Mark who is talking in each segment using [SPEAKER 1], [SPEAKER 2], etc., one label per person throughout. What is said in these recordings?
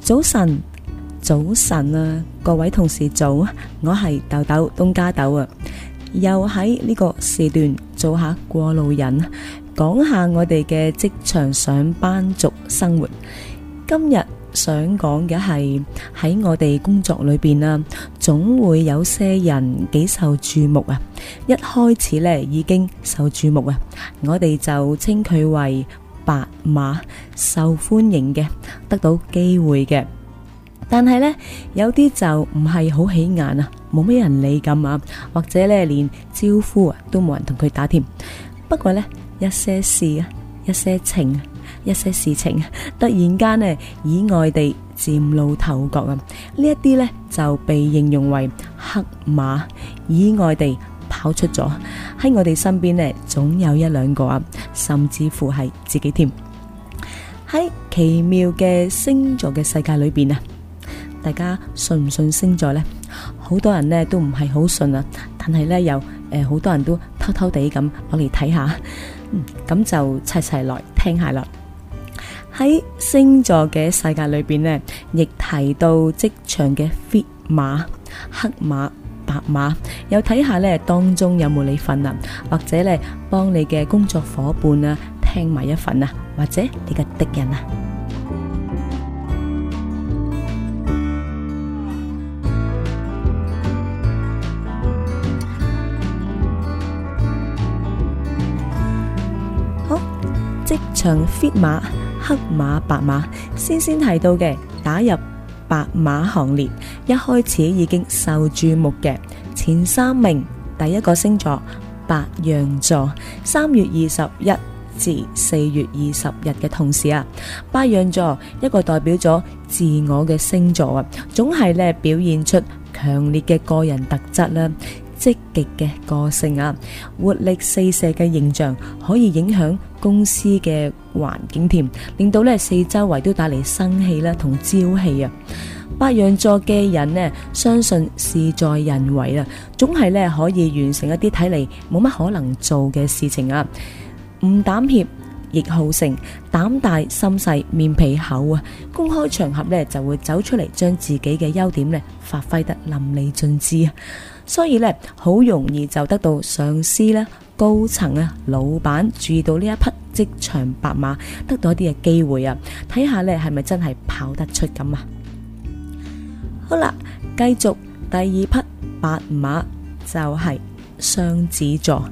[SPEAKER 1] 早晨，早晨啊！各位同事早，我係豆豆東加豆啊，又喺呢個時段做下過路人，講下我哋嘅職場上班族生活。今日想講嘅係喺我哋工作裏邊啊，總會有些人幾受注目啊。一開始咧已經受注目啊，我哋就稱佢為。白馬受歡迎嘅，得到機會嘅，但係呢有啲就唔係好起眼啊，冇咩人理咁啊，或者呢連招呼啊都冇人同佢打添。不過呢，一些事啊，一些情啊，一些事情突然間呢，意外地嶄露頭角啊，呢一啲呢就被形容為黑馬，意外地跑出咗。喺我哋身邊呢，總有一兩個啊。甚至乎係自己添，喺奇妙嘅星座嘅世界裏邊啊！大家信唔信星座呢？好多人呢都唔係好信啊，但係呢又誒好多人都偷偷地咁攞嚟睇下，咁就齊齊來聽下啦！喺星座嘅世界裏邊呢，亦提到職場嘅 fit 馬、黑馬。馬又睇下咧，當中有冇你份啊？或者咧，幫你嘅工作夥伴啊，聽埋一份啊，或者你嘅敵人啊。好，職場 fit 馬，黑馬白馬，先先提到嘅，打入。白馬行列一開始已經受注目嘅前三名，第一個星座白羊座，三月二十一至四月二十日嘅同事啊，白羊座一個代表咗自我嘅星座啊，總係咧表現出強烈嘅個人特質啦，積極嘅個性啊，活力四射嘅形象，可以影響。公司嘅環境添，令到咧四周圍都帶嚟生氣啦同朝氣啊！白羊座嘅人呢，相信事在人為啊，總係呢可以完成一啲睇嚟冇乜可能做嘅事情啊！唔膽怯，亦好勝，膽大心細，面皮厚啊！公開場合呢，就會走出嚟，將自己嘅優點咧發揮得淋漓盡致啊！所以呢，好容易就得到上司咧。高層啊，老闆注意到呢一匹職場白馬，得到一啲嘅機會啊，睇下你係咪真係跑得出咁啊？好啦，繼續第二匹白馬就係、是、雙子座，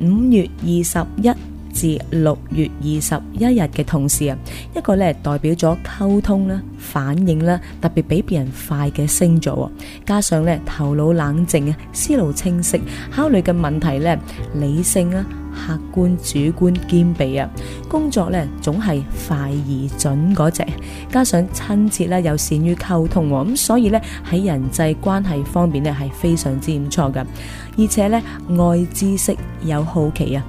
[SPEAKER 1] 五月二十一。至六月二十一日嘅同事啊，一個咧代表咗溝通啦、反應啦，特別比別人快嘅星座啊，加上咧頭腦冷靜啊、思路清晰、考慮嘅問題咧理性啊、客觀主觀兼備啊，工作咧總係快而準嗰隻，加上親切啦又善於溝通，咁所以咧喺人際關係方面咧係非常之唔錯噶，而且咧愛知識有好奇啊。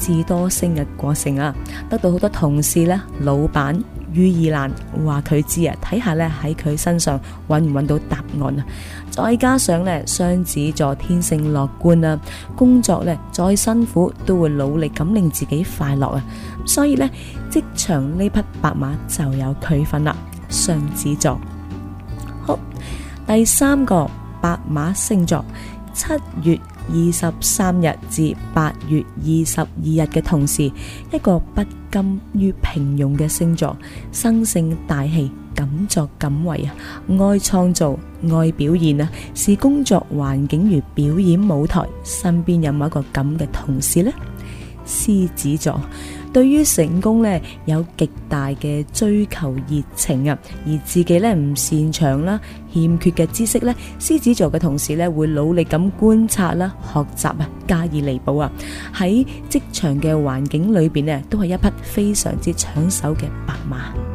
[SPEAKER 1] 至多升嘅過程啊，得到好多同事呢、老闆於意難話佢知啊，睇下呢喺佢身上揾唔揾到答案啊。再加上呢雙子座天性樂觀啊，工作呢再辛苦都會努力咁令自己快樂啊，所以呢職場呢匹白馬就有佢份啦。雙子座，好第三個白馬星座七月。二十三日至八月二十二日嘅同事，一個不甘於平庸嘅星座，生性大氣，敢作敢為啊！愛創造，愛表現啊！視工作環境如表演舞台，身邊有冇一個咁嘅同事呢？獅子座。對於成功呢，有極大嘅追求熱情啊，而自己呢唔擅長啦、欠缺嘅知識呢，獅子座嘅同事呢會努力咁觀察啦、學習啊，加以彌補啊。喺職場嘅環境裏邊呢，都係一匹非常之搶手嘅白馬。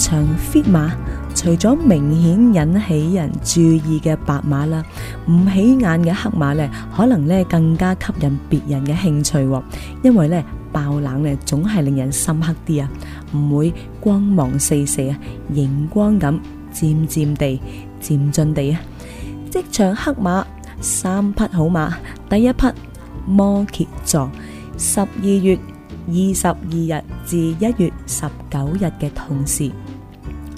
[SPEAKER 1] 場 Fit 馬，除咗明顯引起人注意嘅白馬啦，唔起眼嘅黑馬呢，可能呢更加吸引別人嘅興趣，因為呢爆冷呢總係令人深刻啲啊，唔會光芒四射啊，熒光咁，漸漸地，漸進地啊，職場黑馬三匹好馬，第一匹摩羯座，十二月二十二日至一月十九日嘅同事。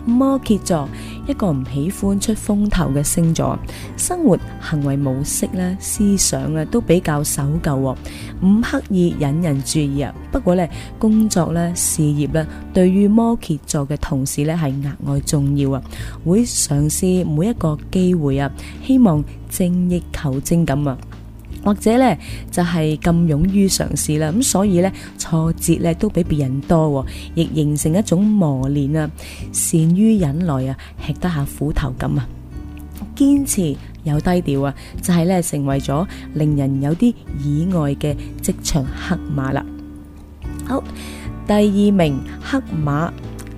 [SPEAKER 1] 摩羯座一個唔喜歡出風頭嘅星座，生活行為模式咧、思想啊都比較守舊，唔刻意引人注意啊。不過咧，工作咧、事業咧，對於摩羯座嘅同事咧係額外重要啊，會嘗試每一個機會啊，希望精益求精咁啊。或者呢就係咁勇於嘗試啦，咁所以呢挫折咧都比別人多，亦形成一種磨練啊，善於忍耐啊，吃得下苦頭咁啊，堅持又低調啊，就係呢成為咗令人有啲意外嘅職場黑馬啦。好，第二名黑馬。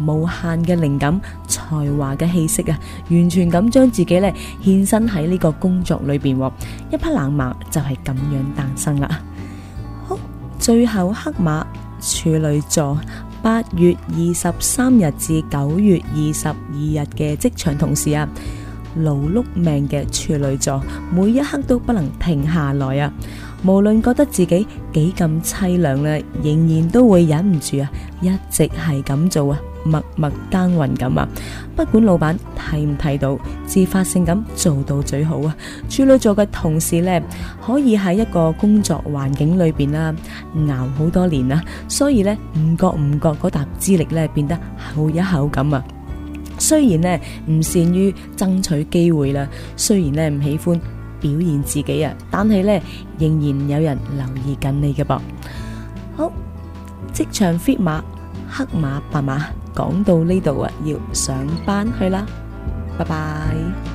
[SPEAKER 1] 無限嘅靈感、才華嘅氣息啊，完全咁將自己呢獻身喺呢個工作裏邊，一匹冷馬就係咁樣誕生啦。好，最後黑馬處女座，八月二十三日至九月二十二日嘅職場同事啊，勞碌命嘅處女座，每一刻都不能停下來啊！無論覺得自己幾咁淒涼呢，仍然都會忍唔住啊，一直係咁做啊！默默耕耘咁啊，不管老闆睇唔睇到，自發性咁做到最好啊！處女座嘅同事咧，可以喺一個工作環境裏邊啦，熬好多年啦，所以咧，唔覺唔覺嗰沓資歷咧，變得厚一厚咁啊！雖然咧唔善於爭取機會啦，雖然咧唔喜歡表現自己啊，但係咧仍然有人留意緊你嘅噃。好，職場 fit 馬。黑馬白馬，講到呢度啊，要上班去啦，拜拜。